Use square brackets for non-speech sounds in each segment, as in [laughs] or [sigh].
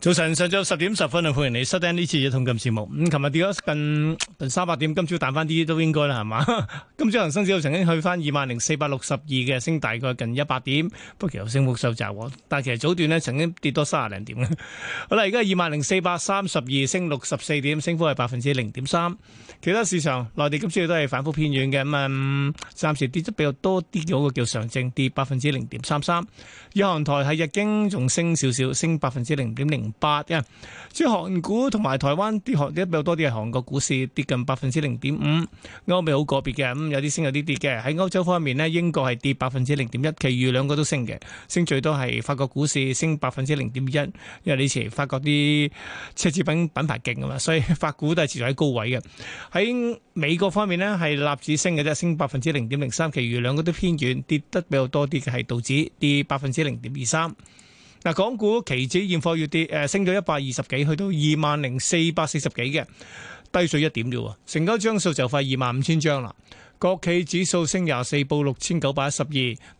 早晨，上晝十點十分就歡迎你收聽呢次嘅《一桶金節目》。咁琴日跌咗近三百點，今朝彈翻啲都應該啦，係嘛？今朝恒生指數曾經去翻二萬零四百六十二嘅，升大概近一百點，不過又升幅收窄。但係其實早段咧，曾經跌多三十零點嘅。好啦，而家二萬零四百三十二，升六十四點，升幅係百分之零點三。其他市場，內地今朝亦都係反覆偏軟嘅咁啊，暫時跌得比較多啲嘅叫上證，跌百分之零點三三。日韓台係日經仲升少少，升百分之零點零。八嘅，即韓國同埋台灣跌，跌，跌，跌品品，跌得比較多啲係韓國股市跌近百分之零點五，歐美好個別嘅，咁有啲升有啲跌嘅。喺歐洲方面咧，英國係跌百分之零點一，其餘兩個都升嘅，升最多係法國股市升百分之零點一，因為以前法國啲奢侈品品牌勁啊嘛，所以法股都係持續喺高位嘅。喺美國方面呢，係納指升嘅啫，升百分之零點零三，其餘兩個都偏遠，跌得比較多啲嘅係道指跌百分之零點二三。嗱，港股期指現貨月跌，誒、呃、升咗一百二十幾，去到二萬零四百四十幾嘅，低水一點啫喎。成交張數就快二萬五千張啦。國企指數升廿四，報六千九百一十二。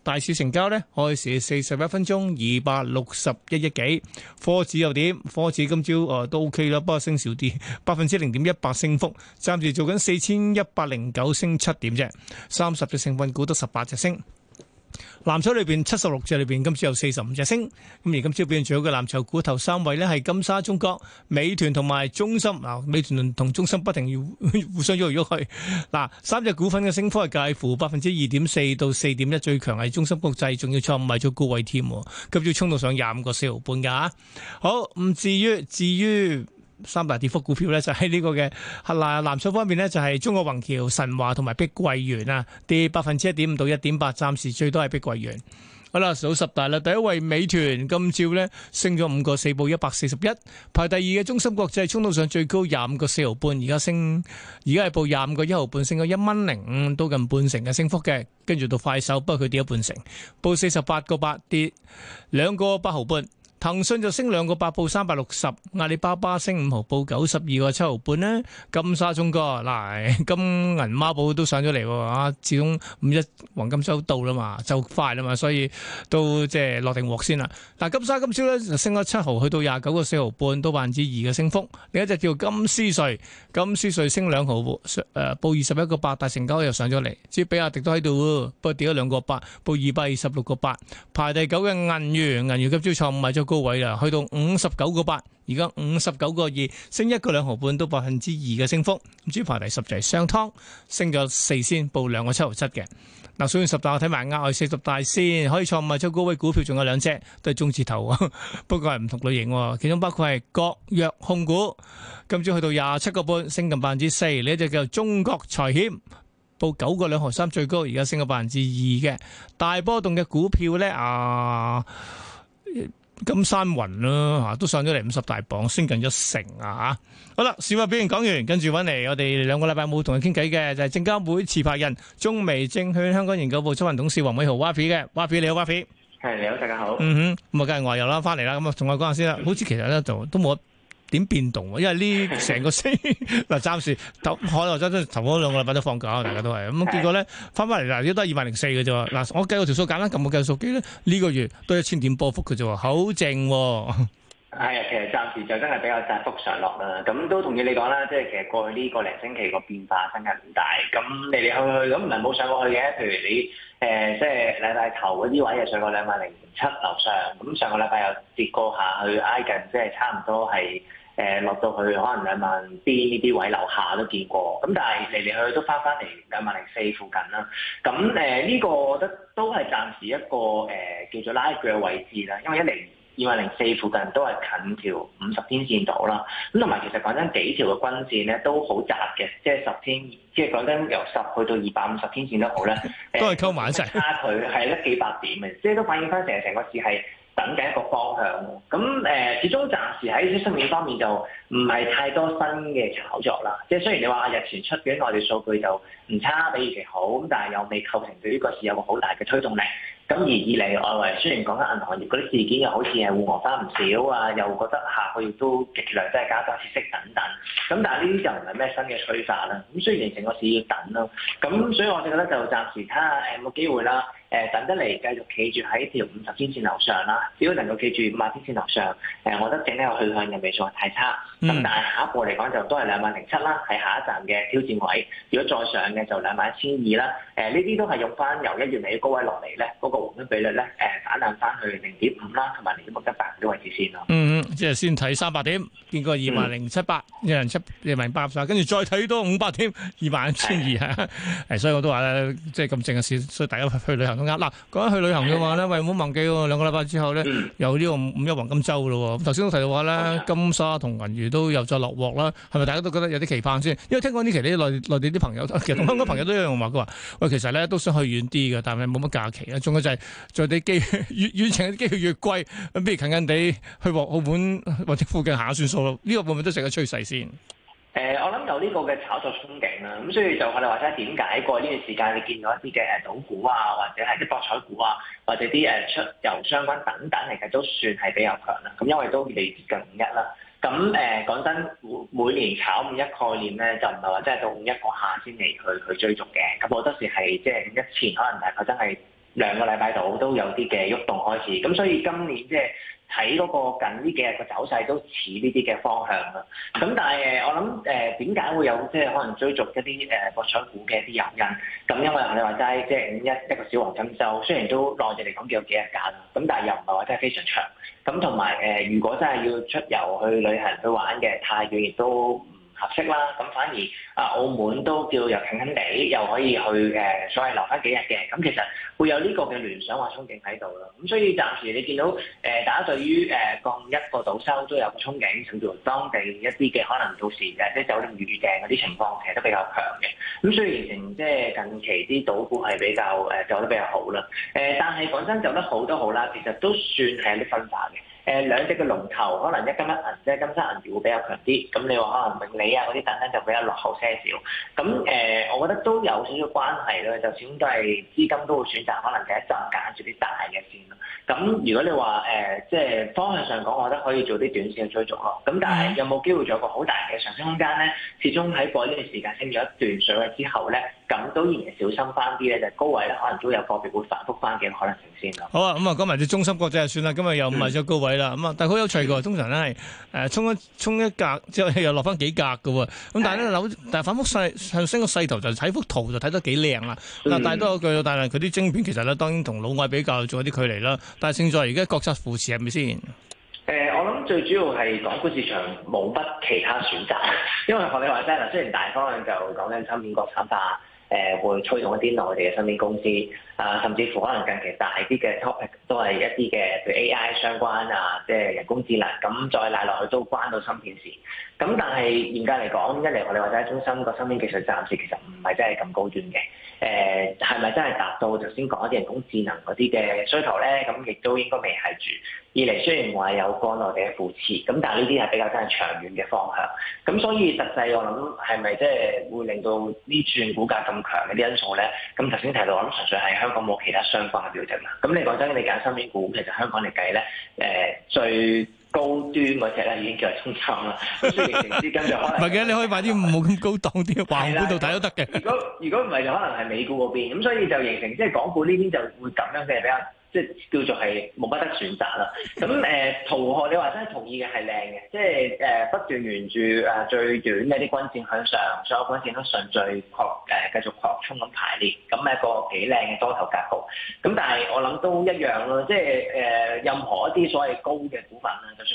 大市成交咧，開市四十一分鐘二百六十一億幾。科指又點？科指今朝啊、呃、都 OK 啦，不過升少啲，百分之零點一八升幅。暫時做緊四千一百零九，升七點啫。三十隻成分股得十八隻升。藍籌裏邊七十六隻裏邊，今朝有四十五隻升。咁而今朝表現最好嘅藍籌股頭三位呢，係金沙中國、美團同埋中芯。嗱、啊，美團同中芯不停要互相喐嚟喐去。嗱、啊，三隻股份嘅升幅係介乎百分之二點四到四點一，最強係中芯國際，仲要創埋咗高位添，急、啊、住衝到上廿五個四毫半噶吓、啊。好，唔至於，至於。三大跌幅股票咧就喺呢個嘅，嗱藍籌方面呢，就係中國宏橋、神華同埋碧桂園啊，跌百分之一點五到一點八，暫時最多係碧桂園。好啦，數十大啦，第一位美團今朝呢，升咗五個四，報一百四十一，排第二嘅中芯國際衝到上最高廿五個四毫半，而家升而家係報廿五個一毫半，升咗一蚊零五，都近半成嘅升幅嘅，跟住到快手，不過佢跌咗半成，報四十八個八，跌兩個八毫半。騰訊就升兩個八，報三百六十；阿里巴巴升五毫，報九十二個七毫半呢，金沙中國嗱，金銀孖寶都上咗嚟，始終五一黃金周到啦嘛，就快啦嘛，所以都即係落定鑊先啦。但金沙今朝咧就升咗七毫，去到廿九個四毫半，都百分之二嘅升幅。另一隻叫金絲瑞，金絲瑞升兩毫，誒，報二十一個八。大成交又上咗嚟，至於比亞迪都喺度，不過跌咗兩個八，報二百二十六個八。排第九嘅銀元，銀元今朝創五日高位啦，去到五十九個八，而家五十九個二，升一個兩毫半，到百分之二嘅升幅。今朝排第十就係商湯，升咗四仙，報兩個七毫七嘅。嗱，所以十大我睇埋啱係十大先可以創賣出高位股票，仲有兩隻都係中字頭，不過係唔同類型。其中包括係國藥控股，今朝去到廿七個半，升近百分之四。呢隻叫中國財險，報九個兩毫三，最高而家升咗百分之二嘅大波動嘅股票咧啊！金山雲咯嚇，都上咗嚟，五十大榜，升近一成啊！好啦，事話表現講完，跟住揾嚟，我哋兩個禮拜冇同佢傾偈嘅，就係證監會持牌人中微證券香港研究部執行董事黃美豪 Yapi 嘅 Yapi 你好 Yapi，係你好大家好，嗯哼，咁啊梗係外遊啦，翻嚟啦，咁啊同我講下先啦，好似其實咧就都冇。都點變動？因為呢成個， [laughs] 個星嗱，暫時就海內外真係頭嗰兩個禮拜都放假，大家都係咁。結果咧翻翻嚟嗱，都係二萬零四嘅啫。嗱，我計過條數簡單，咁，撳個計數機咧，呢個月都一千點波幅嘅啫，好正喎。係啊，其實暫時就真係比較窄幅上落啦。咁都同意你講啦，即係其實過去呢個零星期個變化真係唔大。咁嚟嚟去去咁唔係冇上過去嘅。譬如你誒、呃，即係禮拜頭嗰啲位又上過兩萬零七樓上。咁上個禮拜又跌過下去挨近，即係差唔多係。誒落到去可能兩萬邊呢啲位樓下都見過，咁但係嚟嚟去去都翻返嚟兩萬零四附近啦。咁誒呢個，我覺得都係暫時一個誒、呃、叫做拉鋸嘅位置啦，因為一零二萬零四附近都係近條五十天線度啦。咁同埋其實講緊幾條嘅均線咧，都好窄嘅，即係十天，即係講緊由十去到二百五十天線都好咧， [laughs] 都係溝埋一齊。差距係得幾百點嘅，即係都反映翻成成個市係。等嘅一個方向，咁誒、呃，始終暫時喺啲新聞方面就唔係太多新嘅炒作啦。即係雖然你話日前出嘅內地數據就唔差，比預期好，咁但係又未構成對於個市有個好大嘅推動力。咁而二嚟外圍雖然講緊銀行業嗰啲事件又好似係緩和返唔少啊，又覺得客戶亦都極量即係加多息息等等。咁但係呢啲就唔係咩新嘅趨勢啦。咁雖然整個市要等咯。咁所以我哋覺得就暫時睇下誒有冇機會啦。誒等得嚟繼續企住喺條五十天線樓上啦，只要能夠企住五十天線樓上，誒，我覺得整體去向又未算太差。咁但係下一步嚟講就都係兩萬零七啦，係下一站嘅挑戰位。如果再上嘅就兩萬一千二啦。誒，呢啲都係用翻由一月尾高位落嚟咧，嗰個黃金比率咧，誒，反彈翻去零點五啦，同埋零點六一八嘅位置先咯。嗯嗯，即係先睇三百點，見過二萬零七百，一人七，一人八三，跟住再睇多五百添，二萬一千二嚇。所以我都話咧，即係咁正嘅事。所以大家去旅行。嗱，嗱講緊去旅行嘅話咧，喂，唔好忘記兩個禮拜之後咧，有呢個五一黃金周咯喎。頭先都提到話咧，金沙同銀娛都又再落鑊啦，係咪大家都覺得有啲期盼先？因為聽講呢期啲內內地啲朋友， [laughs] 其實香港朋友都有人話佢話，喂，其實咧都想去遠啲嘅，但係冇乜假期啊。仲有就係再地機越遠程嘅機票越貴，咁不如近近地去鑊澳門或者附近行下算數咯。呢、呢個會唔會都成個趨勢先？誒、呃，我諗有呢個嘅炒作憧憬啦、啊，咁所以就我哋話齋點解過呢段時間你見到一啲嘅誒賭股啊，或者係啲博彩股啊，或者啲誒出遊相關等等，其實都算係比較強啦。咁因為都未接近五一啦。咁誒講真，每年炒五一概念咧，就唔係話即係到五一嗰下先嚟去去追逐嘅。咁我當時係即係五一前，可能大概真係兩個禮拜度都有啲嘅喐動開始。咁所以今年即係。睇嗰個近呢幾日個走勢都似呢啲嘅方向啦，咁但係誒、呃、我諗誒點解會有即係可能追逐一啲誒國產股嘅啲原因，咁因為你話齋即係五一一個小黃金週，雖然都內地嚟講叫有幾日假，咁但係又唔係話真係非常長，咁同埋誒如果真係要出遊去旅行去玩嘅，太遠亦都。合適啦，咁反而啊，澳門都叫又近近地，又可以去誒，所謂留翻幾日嘅，咁其實會有呢個嘅聯想或憧憬喺度咯。咁所以暫時你見到誒，大、呃、家對於誒降、呃、一個賭收都有個憧憬，甚至乎當地一啲嘅可能到時嘅即係酒店預訂嗰啲情況其實都比較強嘅。咁雖然形成即係近期啲賭股係比較誒走、呃、得比較好啦。誒、呃，但係講真，走得好都好啦，其實都算係一啲分化嘅。誒兩隻嘅龍頭，可能一金一銀，即係金生銀業會比較強啲。咁你話可能永利啊嗰啲等等，就比較落後些少。咁誒、呃，我覺得都有少少關係咯。就始終都係資金都會選擇可能第一站揀住啲大嘅先。咁如果你話誒、呃，即係方向上講，我覺得可以做啲短線嘅追逐咯。咁但係有冇機會做一個好大嘅上升空間咧？始終喺過呢段時間升咗一段水位之後咧。咁當然小心翻啲咧，就高位咧可能都有個別會反覆翻嘅可能性先咯。好啊，咁啊，講埋啲中芯國際就算啦，今日又唔賣咗高位啦。咁啊，但係好有趣喎，通常咧係誒衝一衝一格之後又落翻幾格嘅喎。咁但係咧樓，但係是 反覆勢上升嘅勢頭就睇幅圖就睇得幾靚啦。嗱、嗯，大多嘅但係佢啲晶片其實咧當然同老外比較仲有啲距離啦。但係勝在而家國策扶持係咪先？誒、呃，我諗最主要係港股市場冇乜其他選擇，因為學你話齋嗱，雖然大方向就講緊晶片國產化。誒會推動一啲內地嘅芯片公司，啊甚至乎可能近期大啲嘅 topic 都係一啲嘅，譬如 AI 相關啊，即係人工智能咁再拉落去都關到芯片事。咁但係嚴格嚟講，一嚟我哋或者喺中心個芯片技術暫時其實唔係真係咁高端嘅，誒係咪真係達到頭先講一啲人工智能嗰啲嘅需求咧？咁亦都應該未係住。二嚟雖然話有內地嘅扶持，咁但係呢啲係比較真係長遠嘅方向。咁所以實際我諗係咪即係會令到呢轉股價咁？強啲因素咧，咁頭先提到，我諗純粹係香港冇其他相關嘅標準啦。咁你講真，你揀身邊股，其實香港嚟計咧，誒、呃、最高端嗰隻咧已經叫做中產啦。咁雖然唔知跟住能，唔係嘅，你可以買啲冇咁高檔啲環股度睇都得嘅。如果如果唔係就可能係美股嗰邊。咁所以就形成即係港股呢邊就會咁樣嘅比較。即係叫做係冇乜得選擇啦。咁誒，同學，你話真係同意嘅係靚嘅，即係誒不斷沿住誒最短嘅啲均線向上，所有均線都順序擴誒繼續擴充咁排列，咁係一個幾靚嘅多頭格局。咁但係我諗都一樣咯，即係誒任何一啲所謂高嘅股份咧。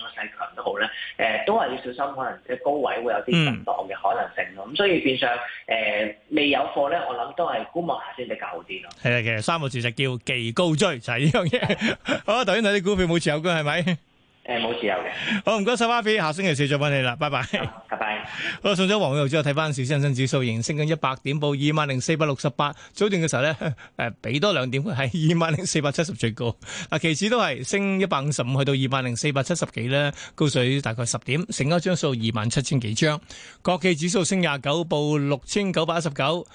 好咧，誒都係要小心，可能即係高位會有啲震盪嘅可能性咁、嗯、所以變相誒、呃、未有貨咧，我諗都係觀望下先至較好啲咯。係啊，其實三個字就叫技高追，就係呢樣嘢。 [laughs] [laughs] 好，頭先睇啲股票冇持有嘅係咪？誒，冇持有嘅。好，唔該收翻費，下星期四再翻你啦。拜拜。拜拜。好，送咗黃偉之後，睇翻恒生指數，仍升緊一百點，報二萬零四百六十八。早段嘅時候呢，誒，俾多兩點，係二萬零四百七十最高。嗱，期指都係升一百五十五，去到二萬零四百七十幾呢，高水大概十點。成交張數二萬七千幾張。國企指數升廿九，報六千九百一十九。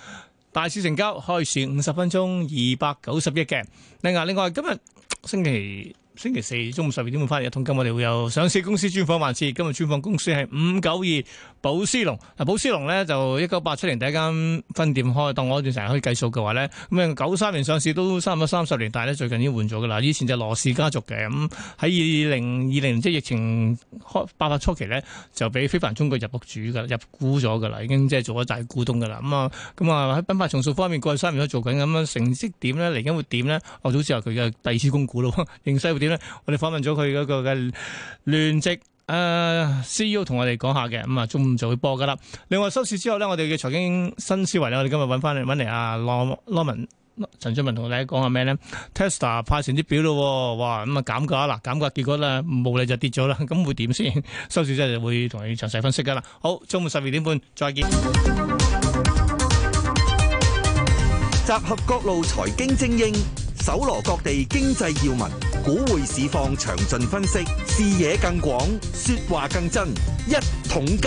大市成交開市五十分鐘二百九十億嘅。另外，另外今日星期。星期四中午十二點半翻嚟，一通今我哋會有上市公司專訪還，環節，今日專訪公司係五九二堡獅龍。嗱，堡獅龍呢就一九八七年第一間分店開，當我段時間可以計數嘅話呢，咁啊九三年上市都三十三十年，但係呢最近已經換咗㗎啦。以前就羅氏家族嘅咁，喺二零二零即係疫情開爆發初期呢，就俾非凡中國入主㗎，入股咗㗎啦，已經即係做咗大股東㗎啦。咁啊咁啊喺品牌重塑方面過去三年都做緊，咁、嗯、樣成績點呢？嚟緊會點呢？我、哦、早知話佢嘅第二次公股咯， [laughs] 我哋訪問咗佢嗰個嘅聯席誒 CEO 同我哋講下嘅，咁啊中午就會播噶啦。另外收市之後咧，我哋嘅財經新思維咧，我哋今日揾翻嚟揾嚟阿羅羅文陳俊文同大家講下咩咧？Tesla 派成績表咯，哇咁啊減價啦，減價結果咧冇理就跌咗啦，咁會點先？收市之後就會同你詳細分析噶啦。好，中午十二點半再見。集合各路財經精英，搜羅各地經濟要聞。股匯市況詳盡分析，視野更廣，說話更真。一桶金，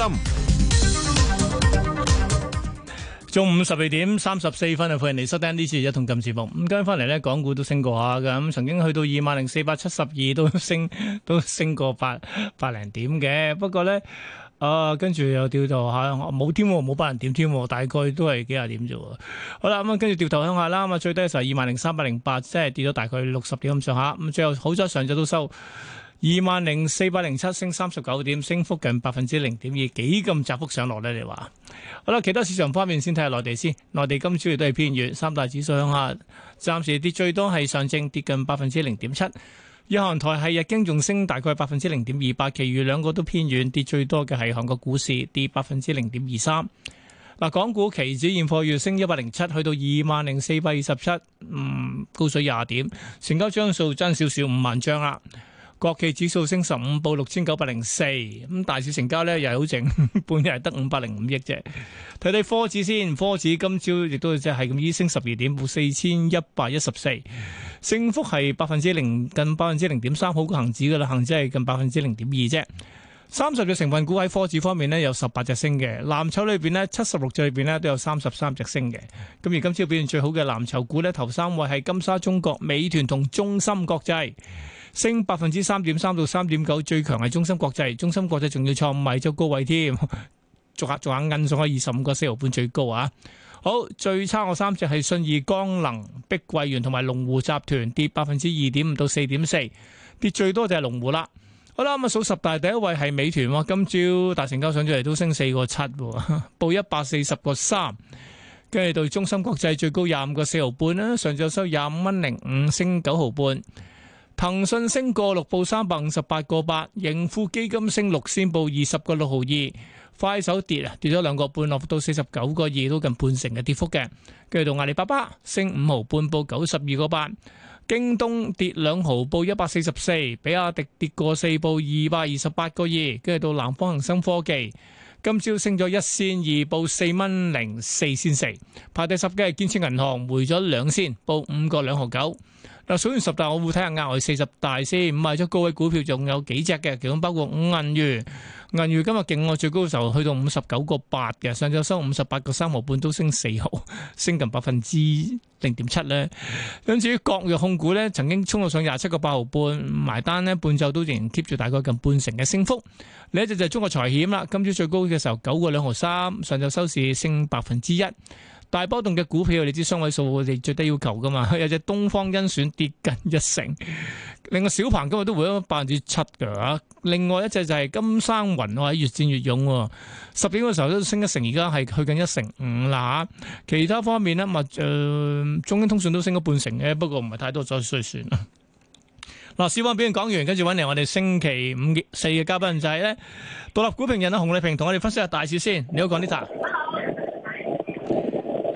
中午十二點三十四分啊，歡迎嚟收聽呢次一桶金節目。咁今日翻嚟咧，港股都升過下㗎，咁曾經去到二萬零四百七十二，都升都升過百百零點嘅。不過咧，啊，跟住又調頭下，冇添喎，冇百人點添喎，大概都係幾廿點啫喎。好啦，咁啊跟住調頭向下啦，咁啊最低嘅時候，二萬零三百零八，即係跌咗大概六十點咁上下。咁最後好彩上晝都收二萬零四百零七，升三十九點，升幅近百分之零點二，幾咁窄幅上落咧？你話？好啦，其他市場方面先睇下內地先，內地今朝亦都係偏軟，三大指數向下，暫時跌最多係上證跌近百分之零點七。日韓台係日經仲升大概百分之零點二八，其餘兩個都偏軟，跌最多嘅係韓國股市跌百分之零點二三。嗱，港股期指現貨月升一百零七，去到二萬零四百二十七，嗯，高水廿點，成交張數增少少五萬張啦。國企指數升十五點，報六千九百零四。咁大市成交咧又係好靜，半日係得五百零五億啫。睇睇科指先，科指今朝亦都即係咁依升十二點，報四千一百一十四，升幅係百分之零，近百分之零點三。好過恒指噶啦，恒指係近百分之零點二啫。三十隻成分股喺科指方面呢，有十八隻升嘅。藍籌裏邊呢，七十六隻裏邊呢，都有三十三隻升嘅。咁而今朝表現最好嘅藍籌股呢，頭三位係金沙中國、美團同中芯國際。升百分之三點三到三點九，最強係中心國際，中心國際仲要創埋朝高位添，逐下逐下奀上開二十五個四毫半最高啊！好，最差我三隻係信義光能、碧桂園同埋龍湖集團，跌百分之二點五到四點四，跌最多就係龍湖啦。好啦，咁數十大第一位係美團喎，今朝大成交上咗嚟都升四個七，報一百四十個三，跟住到中心國際最高廿五個四毫半啦，上晝收廿五蚊零五，升九毫半。騰訊升個六報三百五十八個八，盈富基金升六仙報二十個六毫二，快手跌啊跌咗兩個半，落到四十九個二，都近半成嘅跌幅嘅。跟住到阿里巴巴升五毫半報九十二個八，京東跌兩毫報一百四十四，比亞迪跌個四報二百二十八個二。跟住到南方恒生科技今朝升咗一仙二報四蚊零四仙四，排第十嘅建設銀行，回咗兩仙報五個兩毫九。嗱，數完十大，我會睇下額外四十大先。咁啊，即高位股票仲有幾隻嘅，其中包括五銀娛。銀娛今日勁喎，最高嘅時候去到五十九個八嘅，上晝收五十八個三毫半，都升四毫，升近百分之零點七咧。跟住、嗯、國藥控股咧，曾經衝到上廿七個八毫半埋單咧，半晝都仍然 keep 住大概近半成嘅升幅。另一隻就係中國財險啦，今朝最高嘅時候九個兩毫三，上晝收市升百分之一。大波動嘅股票，你知雙位數我哋最低要求噶嘛？有隻東方甄選跌近一成，另外小鵬今日都回咗百分之七噶。另外一隻就係金山雲，我係越戰越勇，十點嘅時候都升一成，而家係去緊一成五啦。其他方面呢，物、呃、誒中興通訊都升咗半成嘅，不過唔係太多，再衰算啦。嗱，小溫表現講完，跟住揾嚟我哋星期五嘅四嘅嘉賓就係咧獨立股評人啊，洪麗萍同我哋分析下大市先。你好，講呢雜。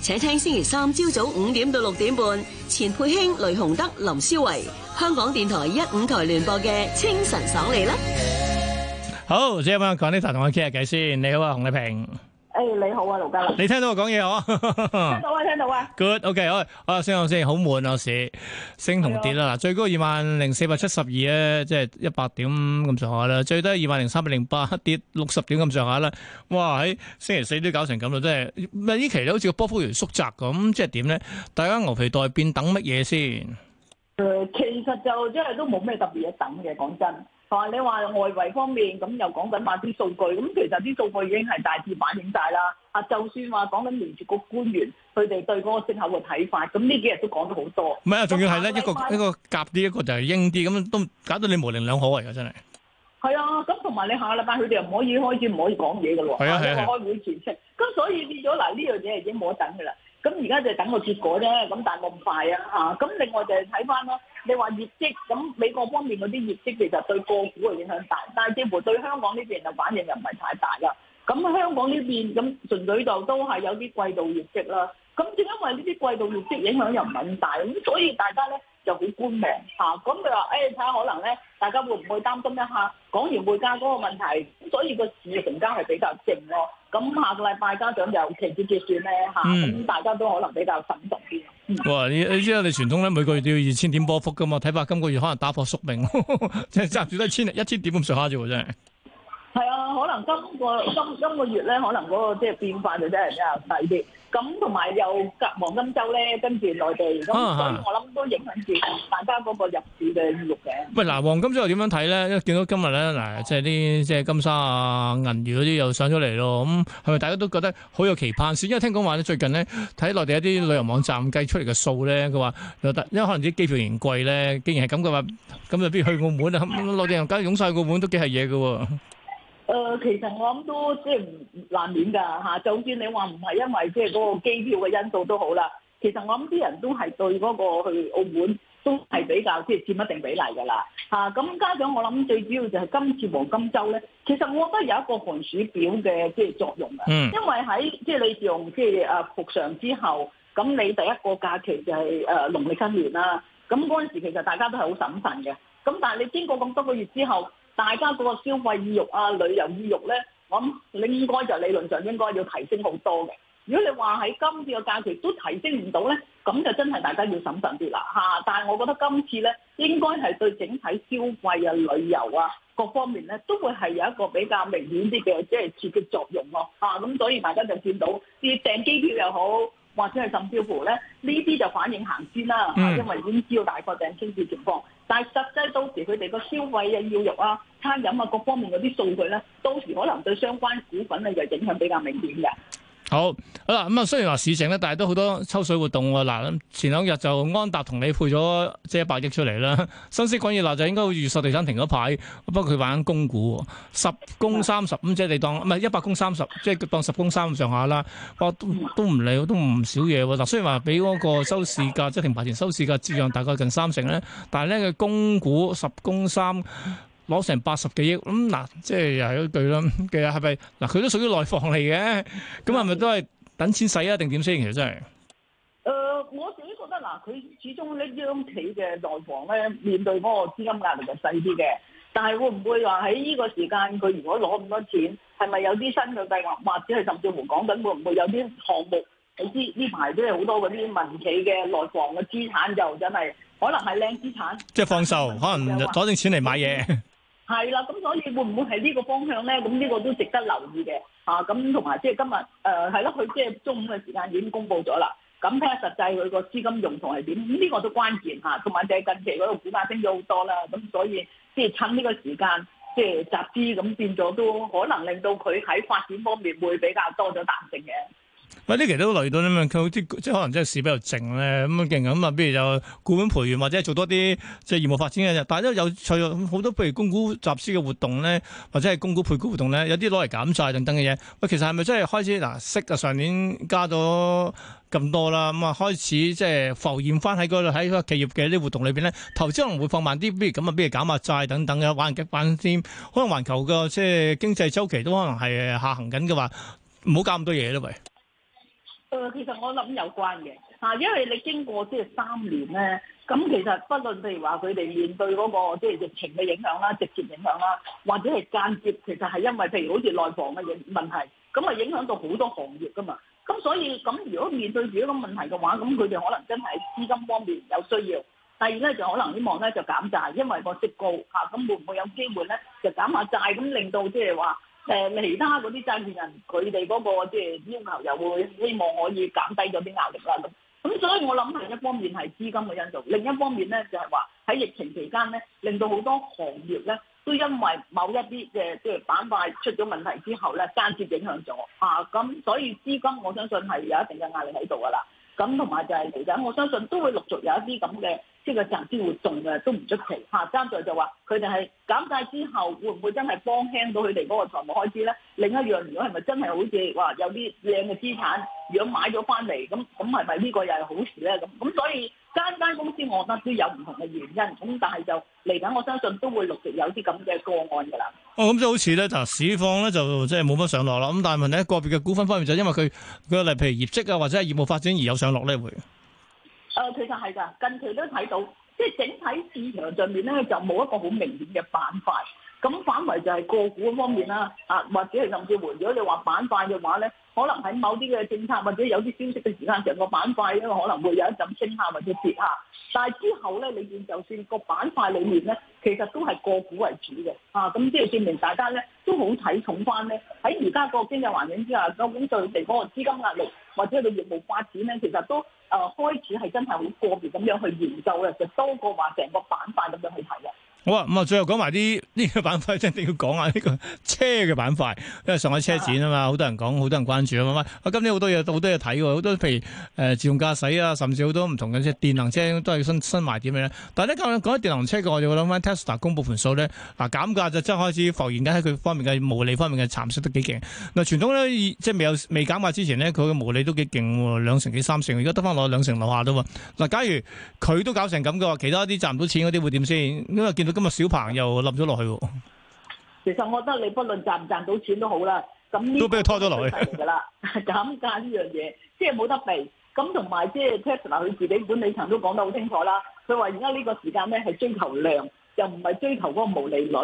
請聽星期三朝早五點到六點半，錢佩卿、雷洪德、林思維，香港電台一五台聯播嘅清晨爽利啦。好，先翻講呢頭，同我傾下偈先。你好啊，洪麗萍。誒、哎，你好啊，盧家樂，你聽到我講嘢啊？聽到啊，聽、okay, okay. 到啊。Good，OK，好，啊，星期四好悶啊，市升同跌啊，嗱的，最高二萬零四百七十二咧，即係一百點咁上下啦，最低二萬零三百零八，跌六十點咁上下啦。哇，喺、哎、星期四都搞成咁啊，真係，呢期都好似個波幅完縮窄咁，即係點咧？大家牛皮待變等乜嘢先？誒、呃，其實就即真係都冇咩特別嘢等嘅，講真。同埋你話外圍方面咁又講緊話啲數據，咁其實啲數據已經係大致反映晒啦。啊，就算話講緊連住個官員佢哋對嗰個出口嘅睇法，咁呢幾日都講咗好多。唔係啊，仲要係咧一個一個夾啲，一個就係英啲，咁都搞到你模棱兩可啊！真係。係啊，咁同埋你下個禮拜佢哋又唔可以開始，唔可以講嘢嘅咯喎。係啊係啊。開會前先，咁所以變咗嗱呢樣嘢已經冇得等嘅啦。咁而家就等個結果啫，咁但冇咁快啊嚇。咁、啊、另外就係睇翻啦，你話業績，咁美國方面嗰啲業績其實對個股嘅影響大，但係幾乎對香港呢邊嘅反應又唔係太大啦。咁香港呢邊咁純粹就都係有啲季度業績啦。咁正因為呢啲季度業績影響又唔係咁大，咁所以大家咧就好觀望嚇。咁佢話誒，睇下、欸、可能咧，大家會唔會擔心一下港元匯價嗰個問題，所以個市成交係比較靜咯。咁下個禮拜加上有期指結算咧嚇，咁大家都可能比較慎獨啲。 [noise] 哇！你，你知我哋傳統咧每個月都要二千點波幅噶嘛，睇怕今個月可能打破宿命，即係揸住都千一千點咁上下啫喎，真係。 [laughs] 真可能今個今今個月咧，可能嗰個即係變化就真係比較細啲。咁同埋又隔黃金週咧，跟住內地咁，所以我諗都影響住大家嗰個入市嘅意欲嘅。喂，嗱黃金週又點樣睇咧？因為見到今日咧，嗱即係啲即係金沙啊、銀娛嗰啲又上咗嚟咯。咁係咪大家都覺得好有期盼先？因為聽講話咧，最近咧睇內地一啲旅遊網站計出嚟嘅數咧，佢話又得因為可能啲機票仍貴咧，竟然係咁嘅話，咁不如去澳門啊？內地人梗係湧曬去澳門都幾係嘢嘅喎。誒、呃，其實我諗都即係唔難免㗎嚇，就、啊、算你話唔係因為即係嗰個機票嘅因素都好啦。其實我諗啲人都係對嗰個去澳門都係比較即係佔一定比例㗎啦嚇。咁加上我諗最主要就係今次黃金周咧，其實我覺得有一個寒暑表嘅即係作用嘅，因為喺即係你用即係誒、啊、復常之後，咁你第一個假期就係誒農曆新年啦。咁嗰陣時其實大家都係好審慎嘅，咁但係你經過咁多個月之後，大家嗰個消費意欲啊、旅遊意欲咧，我諗應該就理論上應該要提升好多嘅。如果你話喺今次嘅假期都提升唔到咧，咁就真係大家要審慎啲啦嚇。但係我覺得今次咧，應該係對整體消費啊、旅遊啊各方面咧，都會係有一個比較明顯啲嘅即係刺激作用咯、啊、嚇。咁、啊、所以大家就見到啲訂機票又好。或者係甚至乎咧，呢啲就反映行先啦，因為已經知道大概訂單嘅情況，但係實際到時佢哋個消費啊、要肉啊、餐飲啊各方面嗰啲數據咧，到時可能對相關股份咧就影響比較明顯嘅。好，好啦，咁啊，雖然話市情咧，但係都好多抽水活動喎。嗱、啊，前兩日就安達同你配咗即係一百億出嚟啦。新思廣業就就應該預售地產停咗牌，不過佢玩供股，十供三十五，即係你當唔係一百供三十，即係當十供三咁上下啦、啊。都都唔理，都唔少嘢喎。嗱、啊，雖然話俾嗰個收市價即係停牌前收市價折讓大概近三成咧，但係咧佢供股十供三，攞成八十幾億咁嗱、嗯，即係又係一句啦。其實係咪嗱佢都屬於內房嚟嘅？咁係咪都係等錢使啊？定點先？其實真係。誒，我自己覺得嗱，佢始終咧央企嘅內房咧，面對嗰個資金壓力就細啲嘅。但係會唔會話喺呢個時間佢如果攞咁多錢，係咪有啲新嘅計劃？或者係甚至乎講緊，會唔會有啲項目？你知呢排都係好多嗰啲民企嘅內房嘅資,資產，就真係可能係靚資產。即係放售，可能攞啲錢嚟買嘢。嗯 [laughs] 係啦，咁所以會唔會係呢個方向咧？咁呢個都值得留意嘅。嚇咁同埋即係今日誒，係咯，佢即係中午嘅時間已經公布咗啦。咁睇下實際佢個資金用途係點，呢個都關鍵嚇。同、啊、埋就係近期嗰個股價升咗好多啦，咁所以即係趁呢個時間即係、就是、集資，咁變咗都可能令到佢喺發展方面會比較多咗彈性嘅。喂，呢期都累到啦嘛，佢好啲，即係可能即係市比較靜咧，咁樣勁咁啊。不如就股本培完，或者做多啲即係業務發展嘅嘢。但係都有趣，有好多譬如供股集資嘅活動咧，或者係供股配股活動咧，有啲攞嚟減債等等嘅嘢。喂，其實係咪真係開始嗱、啊、息啊？上年加咗咁多啦，咁啊開始即係浮現翻喺度，喺個企業嘅啲活動裏邊咧，投資可能會放慢啲。不如咁啊，不如減下債等等嘅，玩嘅玩添。可能環球嘅即係經濟周期都可能係下行緊嘅話，唔好搞咁多嘢啦，喂。其實我諗有關嘅嚇，因為你經過即係三年咧，咁其實不論譬如話佢哋面對嗰個即係疫情嘅影響啦、直接影響啦，或者係間接，其實係因為譬如好似內房嘅嘢問題，咁啊影響到好多行業噶嘛。咁所以，咁如果面對住呢個問題嘅話，咁佢哋可能真係資金方面有需要。第二咧就可能希望咧就減債，因為個息高嚇，咁、啊、會唔會有機會咧就減下債，咁令到即係話，就是誒，其他嗰啲債權人佢哋嗰個即係要求又會希望可以減低咗啲壓力啦，咁，咁所以我諗係一方面係資金嘅因素，另一方面咧就係話喺疫情期間咧令到好多行業咧都因為某一啲嘅即係板塊出咗問題之後咧間接影響咗啊，咁所以資金我相信係有一定嘅壓力喺度噶啦，咁同埋就係嚟緊，我相信都會陸續有一啲咁嘅。即個集資會重嘅都唔出奇嚇。加、啊、上就話佢哋係減價之後，會唔會真係幫輕到佢哋嗰個財務開支咧？另一樣，如果係咪真係好似話有啲靚嘅資產，如果買咗翻嚟，咁咁係咪呢個又係好事咧？咁咁所以間間公司，我覺得都有唔同嘅原因。咁但係就嚟緊，我相信都會陸續有啲咁嘅個案㗎啦。哦，咁即係好似咧，市況就市況咧就即係冇乜上落啦。咁但係問題個別嘅股份方面，就因為佢佢例譬如業績啊，或者係業務發展而有上落咧，會。誒、呃，其實係㗎，近期都睇到，即係整體市場上面咧就冇一個好明顯嘅板塊，咁反為就係個股方面啦，啊，或者係甚至乎，如果你話板塊嘅話咧，可能喺某啲嘅政策或者有啲消息嘅時間，成個板塊咧可能會有一陣升下或者跌下，但係之後咧，你見就算個板塊裡面咧，其實都係個股為主嘅，啊，咁即係證明大家咧都好睇重翻咧，喺而家個經濟環境之下，究竟對地方嘅資金壓力。或者係個業務發展咧，其實都啊、呃、開始係真係好個別咁樣去研究嘅，就多過話成個板塊咁樣去睇嘅。好啊，咁啊，最後講埋啲呢個板塊，真係要講下呢個車嘅板塊，因為上海車展啊嘛，好多人講，好多人關注啊嘛。今年好多嘢，好多嘢睇喎，好多譬如誒、呃、自動駕駛啊，甚至好多唔同嘅車電能車都係新新賣點嘅咧。但係咧，講講電能車嘅我就諗翻 Tesla 公佈盤數咧，嗱、啊、減價就真係開始浮現緊喺佢方面嘅毛利方面嘅蠶食都幾勁。嗱傳統咧，即係未有未減價之前咧，佢嘅毛利都幾勁喎，兩成幾三成，而家得翻落兩成樓下啫喎。嗱、啊，假如佢都搞成咁嘅話，其他啲賺唔到錢嗰啲會點先？因為見到。今日小鵬又冧咗落去。其實我覺得你不論賺唔賺到錢都好啦，咁都俾佢拖咗落去噶啦。減價呢樣嘢，即係冇得避。咁同埋即係 Tesla 佢自己管理層都講得好清楚啦。佢話而家呢個時間咧係追求量，又唔係追求嗰個毛利率。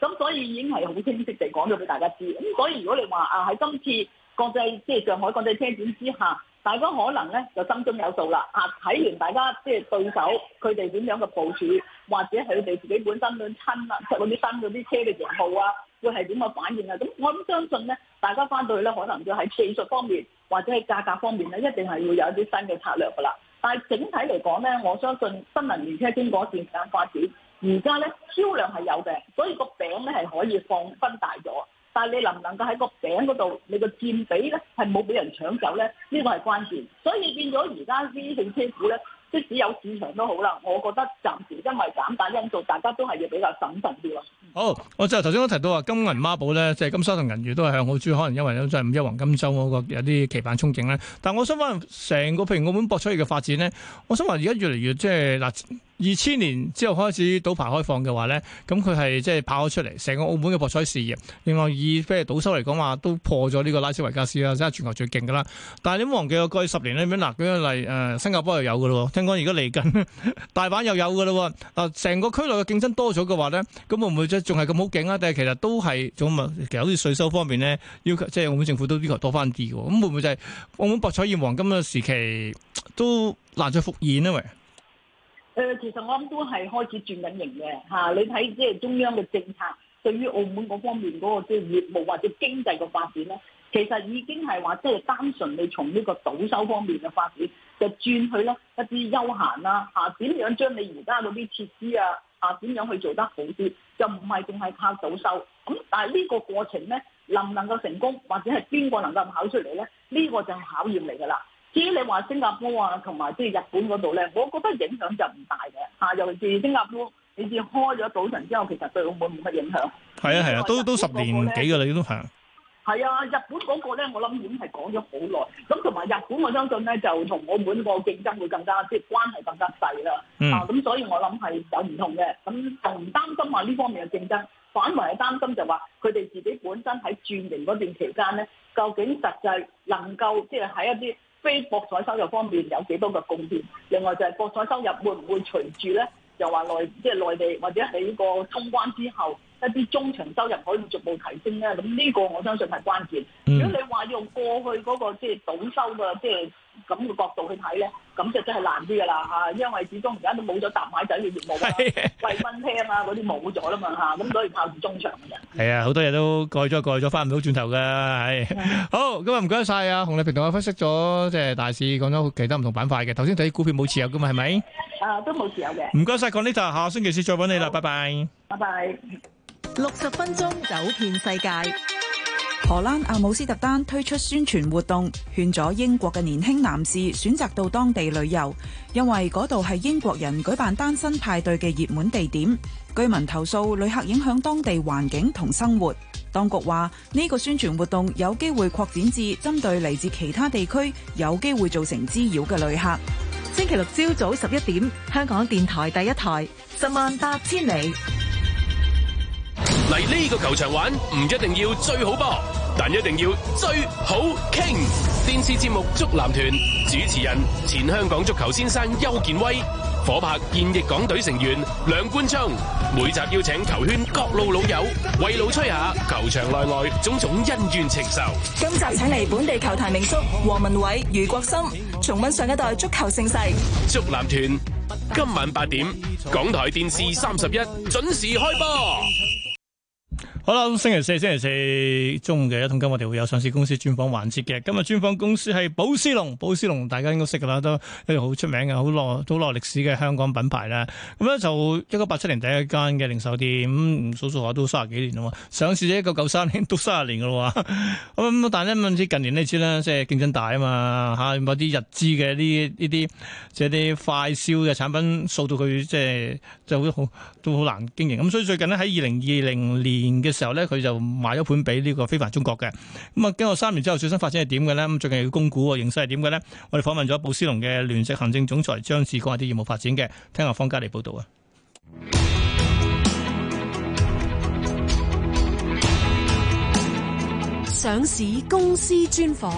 咁所以已經係好清晰地講咗俾大家知。咁所以如果你話啊喺今次國際，即係上海國際車展之下。大家可能咧就心中有數啦，啊睇完大家即係對手佢哋點樣嘅部署，或者佢哋自己本身想親啊，執啲新嗰啲車嘅型號啊，會係點嘅反應啊？咁我諗相信咧，大家返到去咧，可能就喺技術方面或者係價格方面咧，一定係會有一啲新嘅策略㗎啦。但係整體嚟講咧，我相信新能源車經過一段時間發展，而家咧銷量係有嘅，所以個餅咧係可以放分大咗。但係你能唔能夠喺個餅嗰度，你個佔比咧係冇俾人搶走咧？呢個係關鍵。所以變咗而家啲汽車股咧，即使有市場都好啦。我覺得暫時因為減壓因素，大家都係要比較謹慎啲咯。好，我就頭先都提到話，金銀孖寶咧，即係金沙同銀娛都係向好，主要可能因為就係五一黃金週，我覺得有啲期盼憧憬咧。但係我想翻成個譬如澳門博彩業嘅發展咧，我想話而家越嚟越即係嗱。二千年之後開始賭牌開放嘅話咧，咁佢係即係跑咗出嚟，成個澳門嘅博彩事業，另外以譬如賭收嚟講話都破咗呢個拉斯維加斯啦，即係全球最勁噶啦。但係你唔好忘記過去十年咁樣嗱，舉例誒，新加坡又有噶咯，聽講而家嚟緊， [laughs] 大阪又有噶咯，啊，成個區內嘅競爭多咗嘅話咧，咁會唔會即仲係咁好勁啊？但係其實都係仲咪，其實好似稅收方面咧，要求即係澳門政府都要求多翻啲嘅，咁會唔會就係、是、澳門博彩業黃金嘅時期都難再復現啊？喂！誒，其實我諗都係開始轉緊型嘅吓，你睇即係中央嘅政策對於澳門嗰方面嗰個即係業務或者經濟嘅發展咧，其實已經係話即係單純你從呢個賭收方面嘅發展，就轉去咧一啲休閒啦吓，點樣將你而家嗰啲設施啊啊，點樣去做得好啲，就唔係淨係靠賭收咁。但係呢個過程咧，能唔能夠成功，或者係邊個能夠跑出嚟咧？呢個就係考驗嚟噶啦。至於你話新加坡啊，同埋即係日本嗰度咧，我覺得影響就唔大嘅嚇、啊。尤其是新加坡，你知開咗賭場之後，其實對澳門冇乜影響。係啊係啊，都都十年幾噶啦，都係。係啊，日本嗰個咧，我諗已經係講咗好耐。咁同埋日本，我相信咧就同澳門個競爭會更加即係關係更加細啦。嗯。咁、啊、所以我諗係有唔同嘅。咁就唔擔心話呢方面嘅競爭，反為係擔心就話佢哋自己本身喺轉型嗰段期間咧，究竟實際能夠即係喺一啲非博彩收入方面有幾多個貢獻，另外就係博彩收入會唔會隨住咧，又話內即係、就是、內地或者喺個通關之後一啲中長收入可以逐步提升咧？咁呢個我相信係關鍵，嗯、如果你話用過去嗰、那個即係賭收嘅即係。就是咁嘅角度去睇咧，咁就真係難啲噶啦嚇，因為始終而家都冇咗搭買仔嘅業務啊、貴賓廳啊嗰啲冇咗啦嘛嚇，咁所以靠住中場嘅人。係啊，好多嘢都改咗改咗，翻唔到轉頭噶。係好，今日唔該曬啊，洪麗平同我分析咗即係大市講咗其他唔同板塊嘅。頭先睇股票冇持有噶嘛，係咪？啊，都冇持有嘅。唔該曬，講呢度下星期四再揾你啦，拜拜。拜拜。六十分鐘走遍世界。荷蘭阿姆斯特丹推出宣傳活動，勸咗英國嘅年輕男士選擇到當地旅遊，因為嗰度係英國人舉辦單身派對嘅熱門地點。居民投訴旅客影響當地環境同生活，當局話呢個宣傳活動有機會擴展至針對嚟自其他地區有機會造成滋擾嘅旅客。星期六朝早十一點，香港電台第一台，十萬八千里。嚟呢個球場玩唔一定要最好波，但一定要最好傾。電視節目《足籃團》主持人前香港足球先生邱建威，伙拍現役港隊成員梁冠聰，每集邀請球圈各路老友為老吹下球場內外種種恩怨情仇。今集請嚟本地球壇名宿黃文偉、余國森，重溫上一代足球盛世。足籃團今晚八點，港台電視三十一準時開播。好啦，星期四星期四中午嘅一桶金，今日我哋會有上市公司專訪環節嘅。今日專訪公司係寶獅龍，寶獅龍大家應該識噶啦，都一樣好出名嘅，好耐好耐歷史嘅香港品牌啦。咁咧就一九八七年第一間嘅零售店，咁數數下都卅幾年啦。上市一九九三年都卅年噶咯，咁 [laughs] 但係咧，問似近年你知啦，即係競爭大啊嘛，吓有啲日資嘅呢呢啲即係啲快銷嘅產品，掃到佢即係就好、是、都好難經營。咁所以最近咧喺二零二零年嘅。嘅時候咧，佢就賣咗盤俾呢個非凡中國嘅咁啊。經過三年之後，最新發展係點嘅呢？咁最近又供股形勢係點嘅呢？我哋訪問咗堡獅龍嘅聯席行政總裁張志光有啲業務發展嘅。聽下方家利報道啊！上市公司專訪，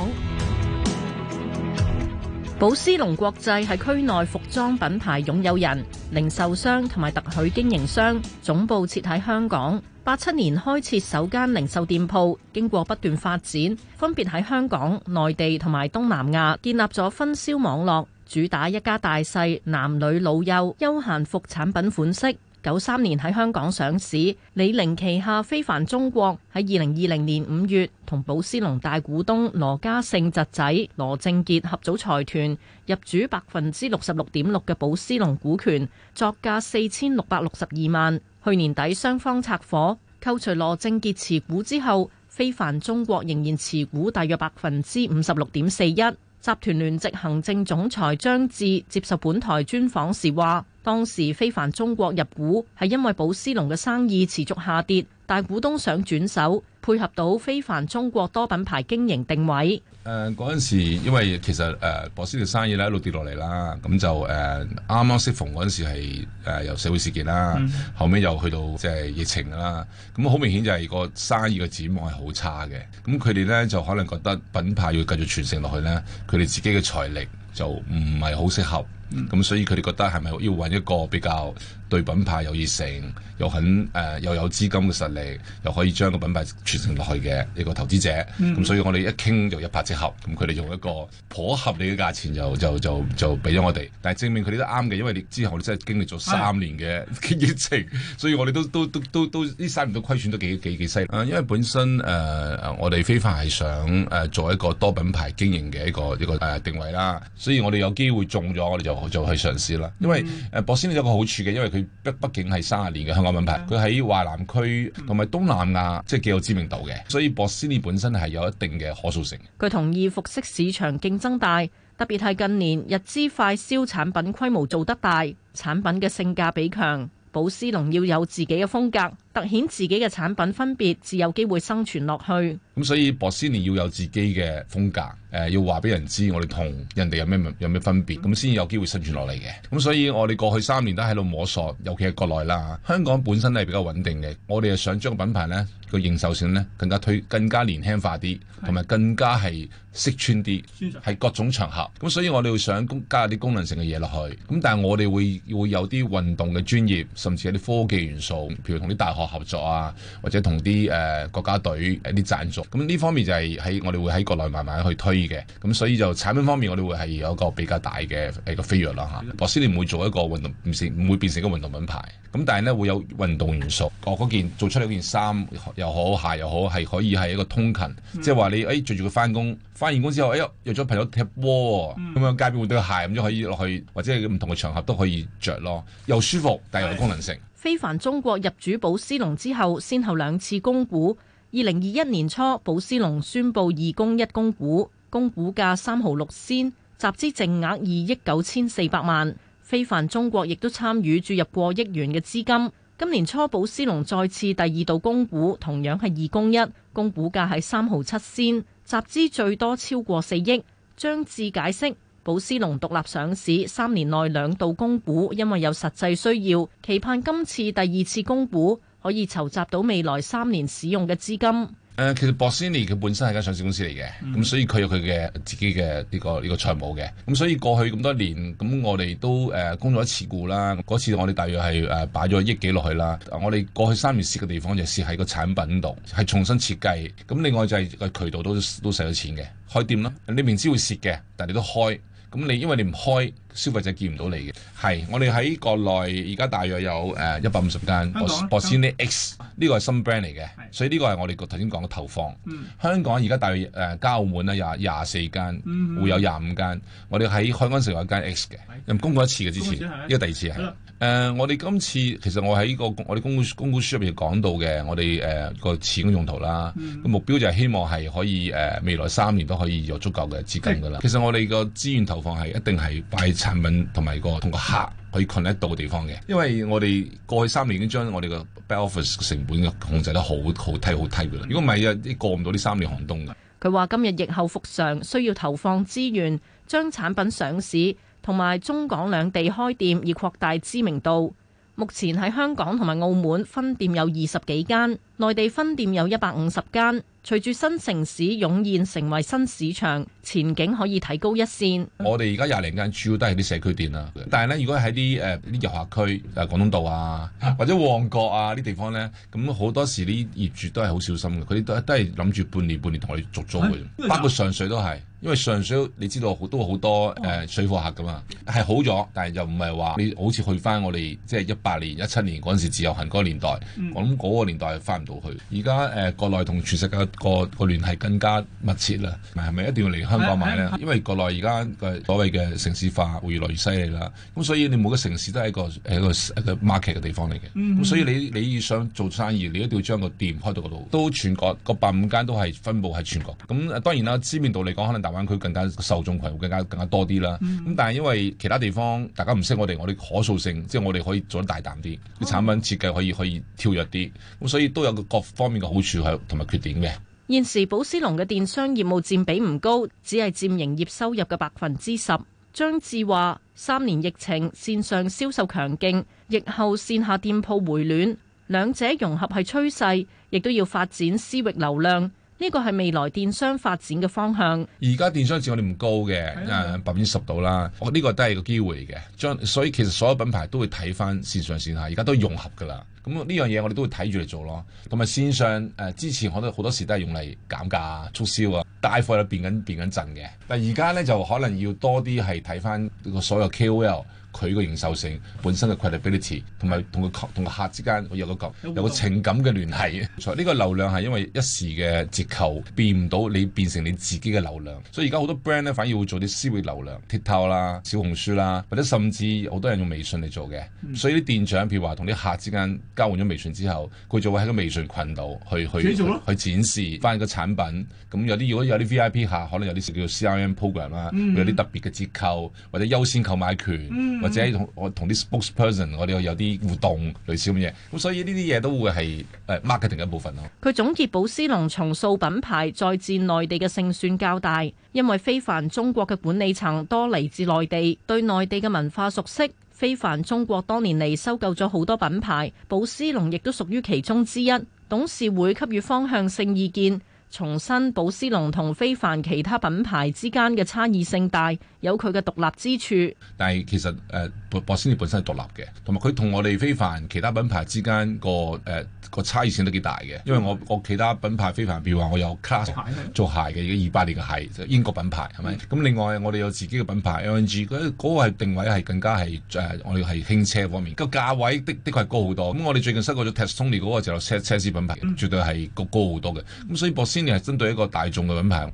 堡獅龍國際係區內服裝品牌擁有人、零售商同埋特許經營商，總部設喺香港。八七年開設首間零售店鋪，經過不斷發展，分別喺香港、內地同埋東南亞建立咗分銷網絡。主打一家大細、男女老幼休閒服產品款式。九三年喺香港上市，李寧旗下非凡中國喺二零二零年五月同堡獅龍大股東羅家勝侄仔羅正傑合組財團，入主百分之六十六點六嘅堡獅龍股權，作價四千六百六十二萬。去年底雙方拆夥，扣除羅正傑持股之後，非凡中國仍然持股大約百分之五十六點四一。集團聯席行政總裁張智接受本台專訪時話：當時非凡中國入股係因為堡獅龍嘅生意持續下跌，大股東想轉手。配合到非凡中國多品牌經營定位。誒嗰陣時，因為其實誒、呃、博斯條生意咧一路跌落嚟啦，咁就誒啱啱適逢嗰陣時係、呃、由社會事件啦，嗯、後尾又去到即係疫情啦，咁好明顯就係個生意嘅展望係好差嘅。咁佢哋咧就可能覺得品牌要繼續傳承落去咧，佢哋自己嘅財力就唔係好適合。咁、嗯嗯、所以佢哋覺得係咪要搵一個比較對品牌有熱誠又肯誒、呃、又有資金嘅實力，又可以將個品牌傳承落去嘅一個投資者？咁所以我哋一傾就一拍即合，咁佢哋用一個頗合理嘅價錢，就就就就俾咗我哋。但係證明佢哋都啱嘅，因為你之後，後真係經歷咗三年嘅疫情，所以我哋都、哎、呀 [laughs] 我都都都都呢三年都虧損都幾幾幾犀利。啊、呃，因為本身誒、呃、我哋非凡係想誒、呃、做一個多品牌經營嘅一個一個誒、呃、定位啦，所以我哋有機會中咗我哋就。我就去嘗試啦，因為誒博斯尼有個好處嘅，因為佢畢畢竟係三十年嘅香港品牌，佢喺華南區同埋東南亞即係幾有知名度嘅，所以博斯尼本身係有一定嘅可塑性。佢同意服飾市場競爭大，特別係近年日資快銷產品規模做得大，產品嘅性價比強，寶斯隆要有自己嘅風格。特顯自己嘅產品分別，自有機會生存落去。咁所以博斯尼要有自己嘅風格，誒、呃、要話俾人知我哋同人哋有咩有咩分別，咁先有機會生存落嚟嘅。咁所以我哋過去三年都喺度摸索，尤其係國內啦，香港本身都係比較穩定嘅。我哋係想將品牌呢個認受性呢更加推更加年輕化啲，同埋更加係適穿啲，係的各種場合。咁所以我哋會想加啲功能性嘅嘢落去。咁但係我哋會會有啲運動嘅專業，甚至係啲科技元素，譬如同啲大學。合作啊，或者同啲誒國家隊一啲贊助，咁呢方面就係喺我哋會喺國內慢慢去推嘅。咁所以就產品方面，我哋會係有一個比較大嘅一個飛躍啦嚇。博斯唔會做一個運動唔唔會變成一個運動品牌。咁但係咧會有運動元素。我嗰件做出嚟嗰件衫又好、嗯，鞋又好，係可以係一個通勤，即係話你誒着住佢返工，返完工之後誒又約咗朋友踢波，咁樣街邊換對鞋咁就可以落去，或者係唔同嘅場合都可以着咯，又、oh、舒服但係有功能性。非凡中國入主寶思龍之後，先後兩次供股。二零二一年初，寶思龍宣布二供一供股，供股價三毫六仙，集資淨額二億九千四百萬。非凡中國亦都參與注入過億元嘅資金。今年初，寶思龍再次第二度供股，同樣係二供一，供股價係三毫七仙，集資最多超過四億，張智解釋。保斯隆獨立上市三年內兩度供股，因為有實際需要，期盼今次第二次供股可以籌集到未來三年使用嘅資金。誒，其實波斯尼佢本身係間上市公司嚟嘅，咁、嗯嗯、所以佢有佢嘅自己嘅呢、呢個呢、呢個呢個財務嘅。咁、嗯、所以過去咁多年，咁我哋都誒供咗一次股啦。嗰次我哋大約係誒擺咗億幾落去啦。我哋過去三年蝕嘅地方就蝕喺個產品度，係重新設計。咁另外就係個渠道都都使咗錢嘅，開店啦。你明知會蝕嘅，但係你都開。咁你因為你唔開，消費者見唔到你嘅。係，我哋喺國內而家大約有誒一百五十間。呃、博香港、啊，博士呢 X 呢個係新 brand 嚟嘅，的所以呢個係我哋個頭先講嘅投放。嗯、香港而家大約誒、呃、加澳門啦，廿廿四間，嗯、哼會有廿五間。我哋喺香港成有一間 X 嘅，咁的公供一次嘅之前，呢、啊、個第二次係。誒、呃，我哋今次其實我喺、這個我哋公公告書入面講到嘅，我哋誒個錢嘅用途啦，個、嗯、目標就係希望係可以誒、呃、未來三年都可以有足夠嘅資金㗎啦。嗯、其實我哋個資源投放係一定係擺喺產品同埋個同個客可以 connect 到嘅地方嘅，因為我哋過去三年已經將我哋嘅 b e l office 成本控制得好好低好低㗎啦。如果唔係啊，啲過唔到呢三年寒冬㗎。佢話今日疫後復常需要投放資源，將產品上市。同埋中港兩地開店以擴大知名度。目前喺香港同埋澳門分店有二十幾間，內地分店有一百五十間。隨住新城市湧現，成為新市場，前景可以睇高一線。 [music] 我哋而家廿零間主要都係啲社區店喇，但係呢，如果喺啲誒啲遊客區誒廣東道啊，或者旺角啊啲地方呢，咁好多時啲業主都係好小心嘅，佢哋都都係諗住半年半年同我哋續租嘅，欸、包括上水都係。因為上水你知道都好多誒、呃、水貨客噶嘛，係好咗，但係又唔係話你好似去翻我哋即係一八年、一七年嗰陣時自由行嗰、嗯、個年代了了，我諗嗰個年代係翻唔到去。而家誒國內同全世界個個聯繫更加密切啦，係咪一定要嚟香港買咧？因為國內而家嘅所謂嘅城市化會越嚟越犀利啦，咁所以你每個城市都係一個誒一個 market 嘅地方嚟嘅，咁、嗯、所以你你想做生意，你一定要將個店開到嗰度，都全國個百五間都係分佈喺全國。咁當然啦，知名度嚟講可能大玩佢更加受眾羣會更加更加多啲啦，咁但係因為其他地方大家唔識我哋，我哋可塑性即係、就是、我哋可以做得大膽啲，啲產品設計可以可以跳躍啲，咁所以都有個各方面嘅好處係同埋缺點嘅。現時寶獅龍嘅電商業務佔比唔高，只係佔營業收入嘅百分之十。張志話：三年疫情線上銷售強勁，疫後線下店鋪回暖，兩者融合係趨勢，亦都要發展私域流量。呢個係未來電商發展嘅方向。而家電商佔我哋唔高嘅，誒的、呃、百分之十到啦。我、這、呢個都係個機會嚟嘅。將所以其實所有品牌都會睇翻線上線下，而家都融合㗎啦。咁呢樣嘢我哋都會睇住嚟做咯。同埋線上誒、呃、之前我都好多時都係用嚟減價促銷啊，帶貨入變緊變緊陣嘅。但而家咧就可能要多啲係睇翻個所有 KOL。佢個營售性本身嘅 credibility 同埋同個客同個客之間有個有個情感嘅聯繫。呢 [laughs] 個流量係因為一時嘅折扣，變唔到你變成你自己嘅流量。所以而家好多 brand 咧反而會做啲私域流量，TikTok 啦、小紅書啦，或者甚至好多人用微信嚟做嘅。嗯、所以啲店長譬如話同啲客之間交換咗微信之後，佢就會喺個微信群度去去去展示翻個產品。咁有啲如果有啲 VIP 客，可能有啲叫做 CRM program 啦、嗯，有啲特別嘅折扣或者優先購買權。嗯或者同我同啲 spokesperson，我哋有啲互動類似咁嘢，咁所以呢啲嘢都會係 marketing 嘅一部分咯。佢總結，堡獅龍重塑品牌再戰內地嘅勝算較大，因為非凡中國嘅管理層多嚟自內地，對內地嘅文化熟悉。非凡中國多年嚟收購咗好多品牌，堡獅龍亦都屬於其中之一。董事會給予方向性意見，重申堡獅龍同非凡其他品牌之間嘅差異性大。有佢嘅獨立之處，但係其實誒、呃，博先尼本身係獨立嘅，同埋佢同我哋非凡其他品牌之間個誒、呃、個差異性都幾大嘅。因為我我其他品牌非凡，譬如話我有 Clarks 做鞋嘅，而家二百年嘅鞋，就係、英國品牌係咪？咁、嗯嗯、另外我哋有自己嘅品牌 LNG，嗰嗰個係定位係更加係誒、呃，我哋係輕車方面個價位的的確係高好多。咁我哋最近收購咗 Testoni 嗰個就車車子品牌，絕對係高好多嘅。咁所以博先尼係針對一個大眾嘅品牌。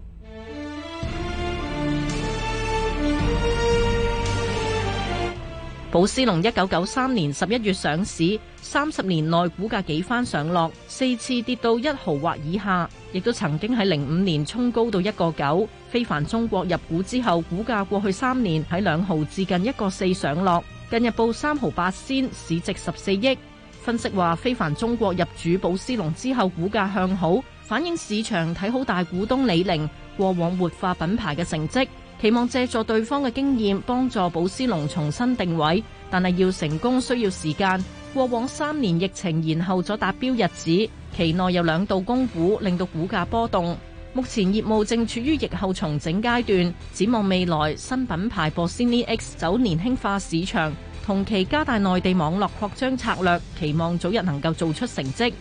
寶斯龍一九九三年十一月上市，三十年內股價幾番上落，四次跌到一毫或以下，亦都曾經喺零五年衝高到一個九。非凡中國入股之後，股價過去三年喺兩毫至近一個四上落，近日報三毫八仙，市值十四億。分析話，非凡中國入主堡獅龍之後，股價向好，反映市場睇好大股東李寧過往活化品牌嘅成績。期望借助對方嘅經驗幫助堡獅龍重新定位，但係要成功需要時間。過往三年疫情延後咗達標日子，期內有兩度供股令到股價波動。目前業務正處於疫後重整階段，展望未來新品牌堡獅龍 X 走年輕化市場，同期加大內地網絡擴張策略，期望早日能夠做出成績。